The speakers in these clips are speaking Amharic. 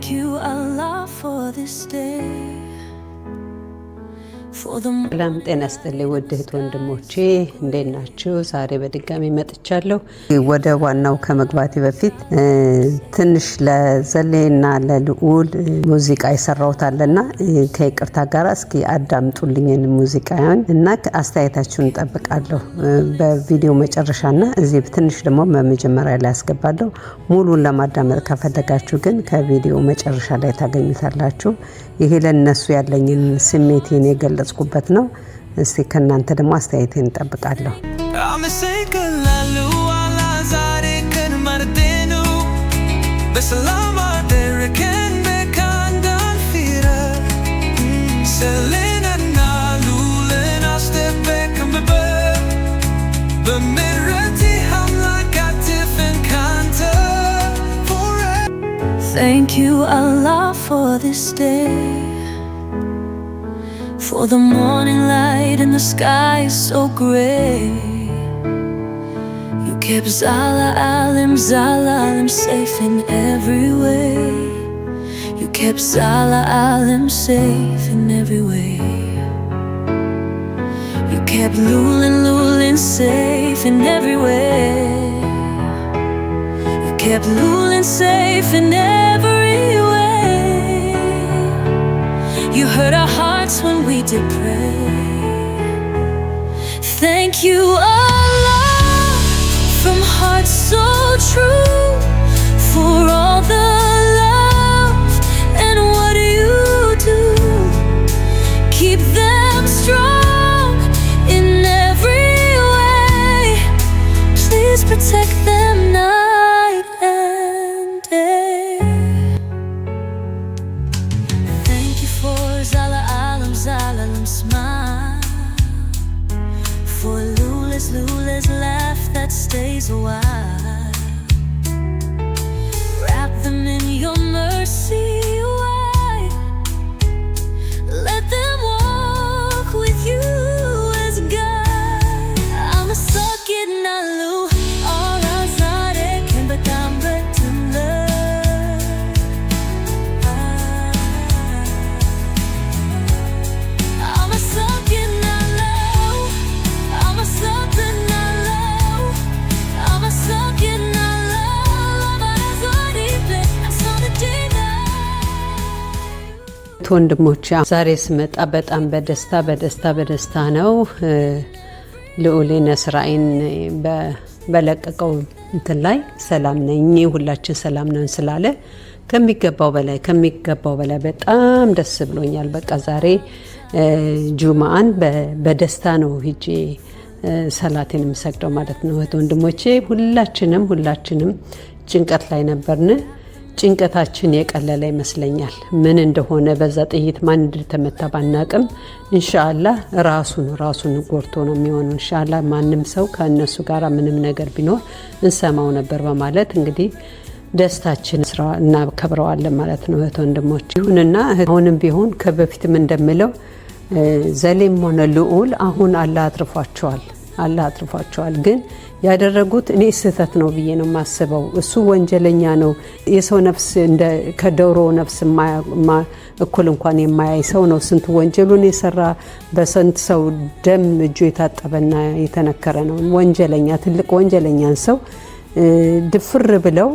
Thank you, Allah, for this day. ሰላም ጤና ስጥልኝ ውድ እህት ወንድሞቼ እንዴት ናችሁ? ዛሬ በድጋሚ መጥቻለሁ። ወደ ዋናው ከመግባቴ በፊት ትንሽ ለዘሌና ለልዑል ሙዚቃ የሰራሁት ከይቅርታ ጋር እስኪ አዳምጡልኝን ሙዚቃን እና አስተያየታችሁን እንጠብቃለሁ። በቪዲዮ መጨረሻና እዚህ ትንሽ ደግሞ በመጀመሪያ ላይ አስገባለሁ። ሙሉን ለማዳመጥ ከፈለጋችሁ ግን ከቪዲዮ መጨረሻ ላይ ታገኙታላችሁ። ይሄ ለነሱ ያለኝን ስሜቴን የገለጽ የገለጽኩበት ነው። እስቲ ከእናንተ ደግሞ አስተያየቴን እንጠብቃለሁ። Thank you Allah for this day For the morning light and the sky is so gray You kept Zala Alim, Zala Alim safe in every way You kept Zala Alim safe in every way You kept Lulin, Lulin safe in every way You kept Lulin safe in every way You heard our heart hearts when we did pray. Thank you, Allah, from hearts so true for all. abençoar. ወንድሞች ዛሬ ስመጣ በጣም በደስታ በደስታ በደስታ ነው። ልዑሌ ነስራኤን በለቀቀው እንትን ላይ ሰላም ነኝ ሁላችን ሰላም ነን ስላለ ከሚገባው በላይ ከሚገባው በላይ በጣም ደስ ብሎኛል። በቃ ዛሬ ጁማአን በደስታ ነው ሂጄ ሰላቴን የምሰግደው ማለት ነው። እህት ወንድሞቼ ሁላችንም ሁላችንም ጭንቀት ላይ ነበርን። ጭንቀታችን የቀለለ ይመስለኛል። ምን እንደሆነ በዛ ጥይት ማን እንደተመታ ባናቅም እንሻላ ራሱን ራሱን ጎርቶ ነው የሚሆነው። እንሻላ ማንም ሰው ከእነሱ ጋር ምንም ነገር ቢኖር እንሰማው ነበር በማለት እንግዲህ ደስታችን ስራ እናከብረዋለን ማለት ነው። እህት ወንድሞች፣ ይሁንና አሁንም ቢሆን ከበፊትም እንደምለው ዘሌም ሆነ ልዑል አሁን አላ አትርፏቸዋል። አላህ አትርፏቸዋል። ግን ያደረጉት እኔ ስህተት ነው ብዬ ነው የማስበው። እሱ ወንጀለኛ ነው። የሰው ነፍስ ከዶሮ ነፍስ እኩል እንኳን የማያይ ሰው ነው። ስንቱ ወንጀሉን የሰራ በስንት ሰው ደም እጁ የታጠበና የተነከረ ነው። ወንጀለኛ ትልቅ ወንጀለኛን ሰው ድፍር ብለው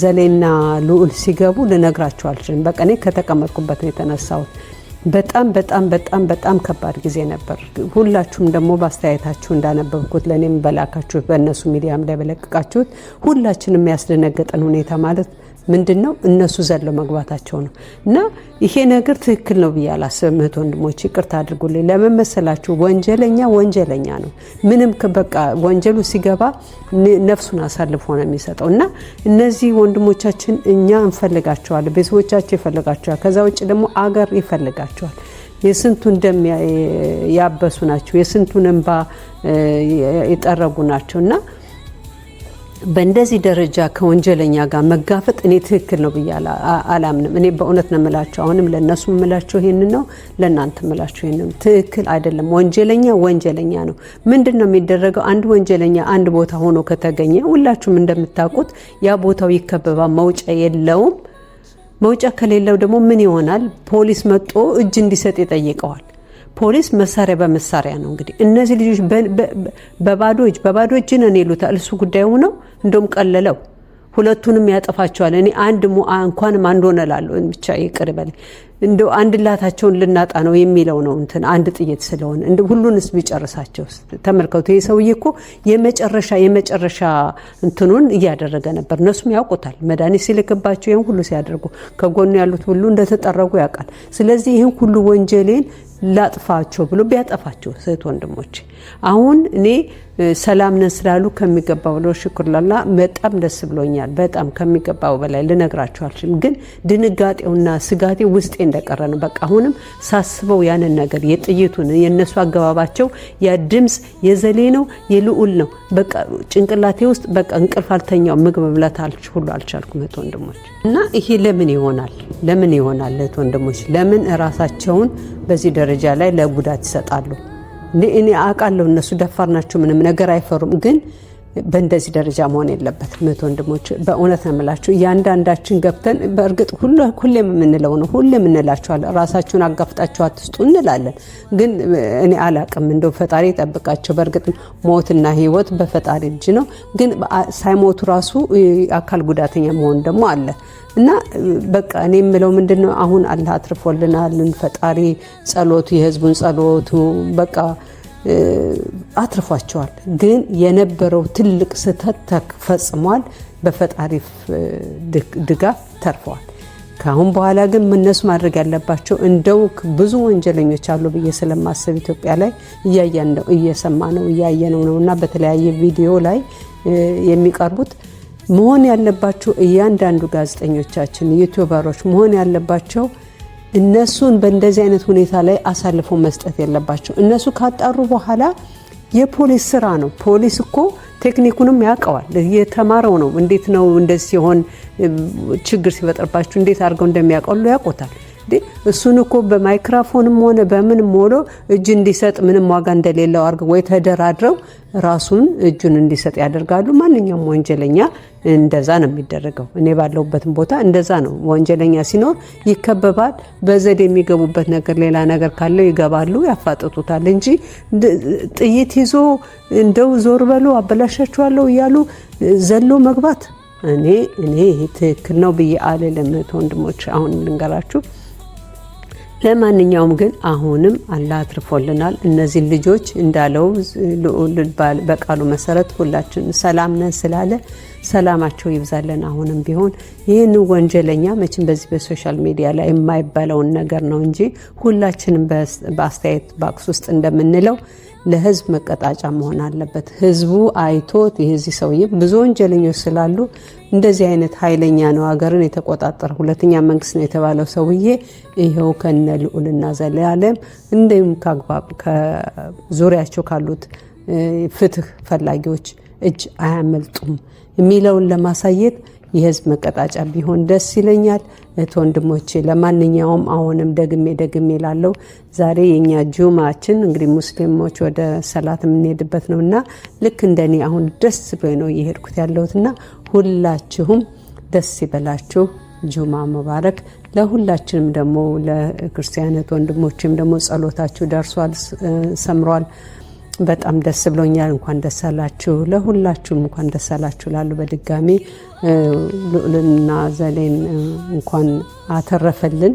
ዘሌና ልዑል ሲገቡ ልነግራቸው አልችልም። በቀኔ ከተቀመጥኩበት ነው የተነሳሁት። በጣም በጣም በጣም በጣም ከባድ ጊዜ ነበር። ሁላችሁም ደግሞ በአስተያየታችሁ እንዳነበብኩት ለእኔም በላካችሁት በእነሱ ሚዲያም ላይ በለቀቃችሁት ሁላችንም ያስደነገጠን ሁኔታ ማለት ምንድን ነው እነሱ ዘለው መግባታቸው ነው። እና ይሄ ነገር ትክክል ነው ብዬ አላስብም። እህት ወንድሞች፣ ይቅርታ አድርጉልኝ። ለምን መሰላችሁ? ወንጀለኛ ወንጀለኛ ነው። ምንም በቃ ወንጀሉ ሲገባ ነፍሱን አሳልፎ ነው የሚሰጠው። እና እነዚህ ወንድሞቻችን እኛ እንፈልጋቸዋል፣ ቤተሰቦቻቸው ይፈልጋቸዋል። ከዛ ውጭ ደግሞ አገር ይፈልጋቸዋል። የስንቱን ደም ያበሱ ናቸው፣ የስንቱን እንባ የጠረጉ ናቸው እና በእንደዚህ ደረጃ ከወንጀለኛ ጋር መጋፈጥ እኔ ትክክል ነው ብዬ አላምንም። እኔ በእውነት ነው የምላቸው፣ አሁንም ለእነሱ የምላቸው ይህን ነው፣ ለእናንተ የምላቸው ይህን ነው። ትክክል አይደለም። ወንጀለኛ ወንጀለኛ ነው። ምንድን ነው የሚደረገው? አንድ ወንጀለኛ አንድ ቦታ ሆኖ ከተገኘ ሁላችሁም እንደምታውቁት ያ ቦታው ይከበባል፣ መውጫ የለውም። መውጫ ከሌለው ደግሞ ምን ይሆናል? ፖሊስ መጦ እጅ እንዲሰጥ ይጠይቀዋል። ፖሊስ መሳሪያ በመሳሪያ ነው እንግዲህ እነዚህ ልጆች በባዶ እጅ በባዶ እጅ ነን ይሉታል። እሱ ጉዳዩ ነው። እንደውም ቀለለው ሁለቱንም ያጠፋቸዋል። እኔ አንድ እንኳንም አንድ ሆነ ብቻ ይቅር ይበለኝ። እንደ አንድ ላታቸውን ልናጣ ነው የሚለው ነው። እንትን አንድ ጥይት ስለሆነ እንደ ሁሉንስ ቢጨርሳቸው ተመልከቱ። ይህ ሰውዬ እኮ የመጨረሻ የመጨረሻ እንትኑን እያደረገ ነበር። እነሱም ያውቁታል። መድኃኒት ሲልክባቸው ይህን ሁሉ ሲያደርጉ ከጎኑ ያሉት ሁሉ እንደተጠረጉ ያውቃል። ስለዚህ ይህን ሁሉ ወንጀሌን ላጥፋቸው ብሎ ቢያጠፋቸው እህት ወንድሞች፣ አሁን እኔ ሰላም ነን ስላሉ ከሚገባ ብሎ ሽኩር ላላ በጣም ደስ ብሎኛል። በጣም ከሚገባው በላይ ልነግራችኋል። ግን ድንጋጤውና ስጋቴ ውስጤ እንደቀረ ነው። በቃ አሁንም ሳስበው ያንን ነገር የጥይቱን የእነሱ አገባባቸው ያ ድምፅ የዘሌ ነው የልዑል ነው። በቃ ጭንቅላቴ ውስጥ በቃ እንቅልፍ አልተኛው ምግብ ብላት ሁሉ አልቻልኩም። እህት ወንድሞች እና ይሄ ለምን ይሆናል? ለምን ይሆናል? እህት ወንድሞች ለምን እራሳቸውን በዚህ ደረጃ ላይ ለጉዳት ይሰጣሉ? እኔ አውቃለሁ እነሱ ደፋር ናቸው፣ ምንም ነገር አይፈሩም ግን በእንደዚህ ደረጃ መሆን የለበትም። እህት ወንድሞች፣ በእውነት ነው የምላችሁ እያንዳንዳችን ገብተን በእርግጥ ሁሌም የምንለው ነው፣ ሁሌም እንላችኋለን፣ ራሳችሁን አጋፍጣችሁ አትስጡ እንላለን። ግን እኔ አላቅም፣ እንደው ፈጣሪ ይጠብቃቸው። በእርግጥ ሞትና ሕይወት በፈጣሪ እጅ ነው። ግን ሳይሞቱ ራሱ አካል ጉዳተኛ መሆን ደግሞ አለ እና በቃ እኔ የምለው ምንድን ነው አሁን አላህ አትርፎልናልን ፈጣሪ ጸሎቱ የህዝቡን ጸሎቱ በቃ አትርፏቸዋል። ግን የነበረው ትልቅ ስህተት ተፈጽሟል። በፈጣሪ ድጋፍ ተርፈዋል። ከአሁን በኋላ ግን እነሱ ማድረግ ያለባቸው እንደው ብዙ ወንጀለኞች አሉ ብዬ ስለማሰብ ኢትዮጵያ ላይ እያያን ነው እየሰማ ነው እያየነው ነው እና በተለያየ ቪዲዮ ላይ የሚቀርቡት መሆን ያለባቸው እያንዳንዱ ጋዜጠኞቻችን ዩቲዩበሮች መሆን ያለባቸው እነሱን በእንደዚህ አይነት ሁኔታ ላይ አሳልፎ መስጠት የለባቸው። እነሱ ካጣሩ በኋላ የፖሊስ ስራ ነው። ፖሊስ እኮ ቴክኒኩንም ያውቀዋል፣ የተማረው ነው። እንዴት ነው እንደዚህ ሲሆን ችግር ሲፈጥርባችሁ እንዴት አድርገው እንደሚያቀሉ ያውቆታል። እሱን እኮ በማይክራፎንም ሆነ በምንም ሆኖ እጅ እንዲሰጥ ምንም ዋጋ እንደሌለው አድርገው ወይ ተደራድረው ራሱን እጁን እንዲሰጥ ያደርጋሉ። ማንኛውም ወንጀለኛ እንደዛ ነው የሚደረገው። እኔ ባለሁበትም ቦታ እንደዛ ነው። ወንጀለኛ ሲኖር ይከበባል። በዘዴ የሚገቡበት ነገር ሌላ ነገር ካለው ይገባሉ፣ ያፋጥጡታል እንጂ ጥይት ይዞ እንደው ዞር በሉ አበላሻችኋለሁ እያሉ ዘሎ መግባት እኔ እኔ ትክክል ነው ብዬ አልልም። ወንድሞች፣ አሁን ልንገራችሁ ለማንኛውም ግን አሁንም አላህ አትርፎልናል። እነዚህን ልጆች እንዳለው በቃሉ መሰረት ሁላችን ሰላም ነን ስላለ ሰላማቸው ይብዛለን። አሁንም ቢሆን ይህን ወንጀለኛ መቼም በዚህ በሶሻል ሚዲያ ላይ የማይባለውን ነገር ነው እንጂ ሁላችንም በአስተያየት ባክስ ውስጥ እንደምንለው ለህዝብ መቀጣጫ መሆን አለበት። ህዝቡ አይቶት የዚህ ሰውዬ ብዙ ወንጀለኞች ስላሉ እንደዚህ አይነት ኃይለኛ ነው ሀገርን የተቆጣጠረ ሁለተኛ መንግስት ነው የተባለው ሰውዬ ይኸው ከነ ልዑልና ዘላለም እንዲሁም ከአግባብ ከዙሪያቸው ካሉት ፍትህ ፈላጊዎች እጅ አያመልጡም የሚለውን ለማሳየት የህዝብ መቀጣጫ ቢሆን ደስ ይለኛል። እህት ወንድሞቼ ለማንኛውም አሁንም ደግሜ ደግሜ ላለው ዛሬ የእኛ ጁማችን እንግዲህ ሙስሊሞች ወደ ሰላት የምንሄድበት ነው እና ልክ እንደኔ አሁን ደስ ብሎ ነው እየሄድኩት ያለሁት እና ሁላችሁም ደስ ይበላችሁ። ጁማ ሙባረክ። ለሁላችንም ደግሞ ለክርስቲያን እህት ወንድሞችም ደግሞ ጸሎታችሁ ደርሷል፣ ሰምሯል። በጣም ደስ ብሎኛል። እንኳን ደስ አላችሁ ለሁላችሁም እንኳን ደስ አላችሁ ላሉ በድጋሚ ሉዕልና ዘሌን እንኳን አተረፈልን።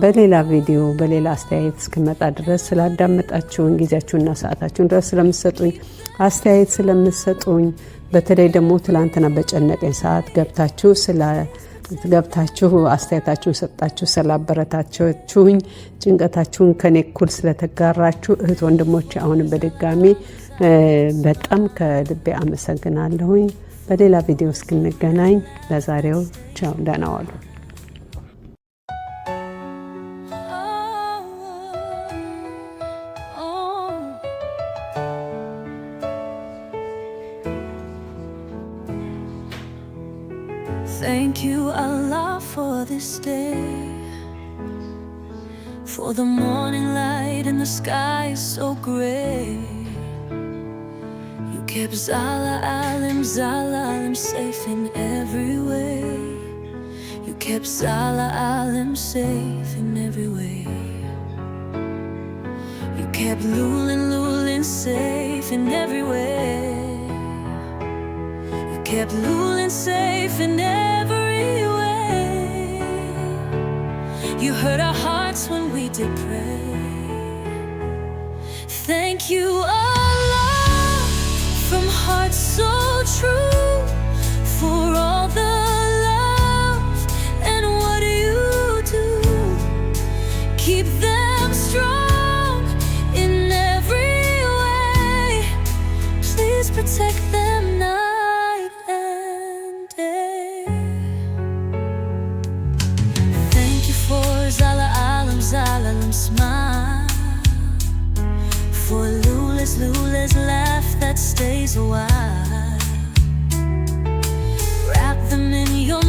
በሌላ ቪዲዮ በሌላ አስተያየት እስክመጣ ድረስ ስላዳመጣችሁን ጊዜያችሁና ሰዓታችሁን ድረስ ስለምሰጡኝ አስተያየት ስለምሰጡኝ በተለይ ደግሞ ትላንትና በጨነቀኝ ሰዓት ገብታችሁ ስለ ገብታችሁ አስተያየታችሁ ሰጣችሁ ስላበረታችሁኝ ጭንቀታችሁን ከኔ እኩል ስለተጋራችሁ እህት ወንድሞች አሁን በድጋሚ በጣም ከልቤ አመሰግናለሁኝ። በሌላ ቪዲዮ እስክንገናኝ ለዛሬው ቻው፣ ደህና ዋሉ። For the morning light and the sky is so gray You kept Zala Alim, Zala Alim safe in every way You kept Zala Alim safe in every way You kept Lulin, Lulin safe in every way You kept Lulin safe in every way You heard our heart pray. Thank you, Allah, from hearts so true. Lula's laugh that stays a while. Wrap them in your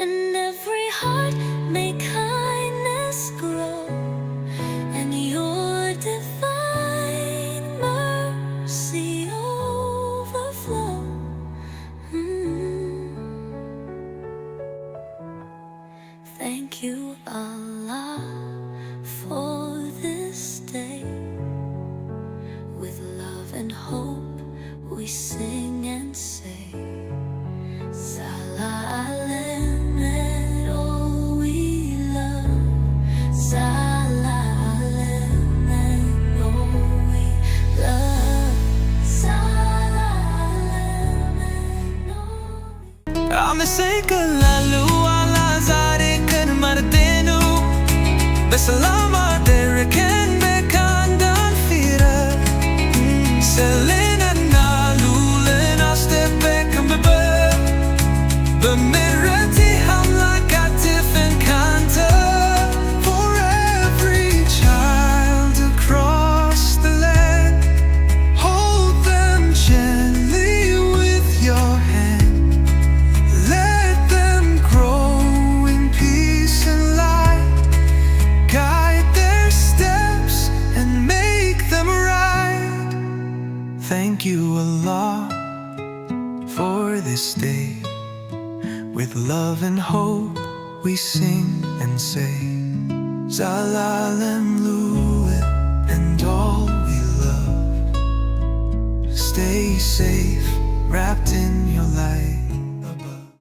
In and every heart we sing and say Salah Alem and all we love Salah Alem and all we love Salah Alem and all we love I'm the sake of Lalu Ala Zare Mardenu Besalama Dereken this day. With love and hope, we sing and say, Zalalem and all we love. Stay safe, wrapped in your light.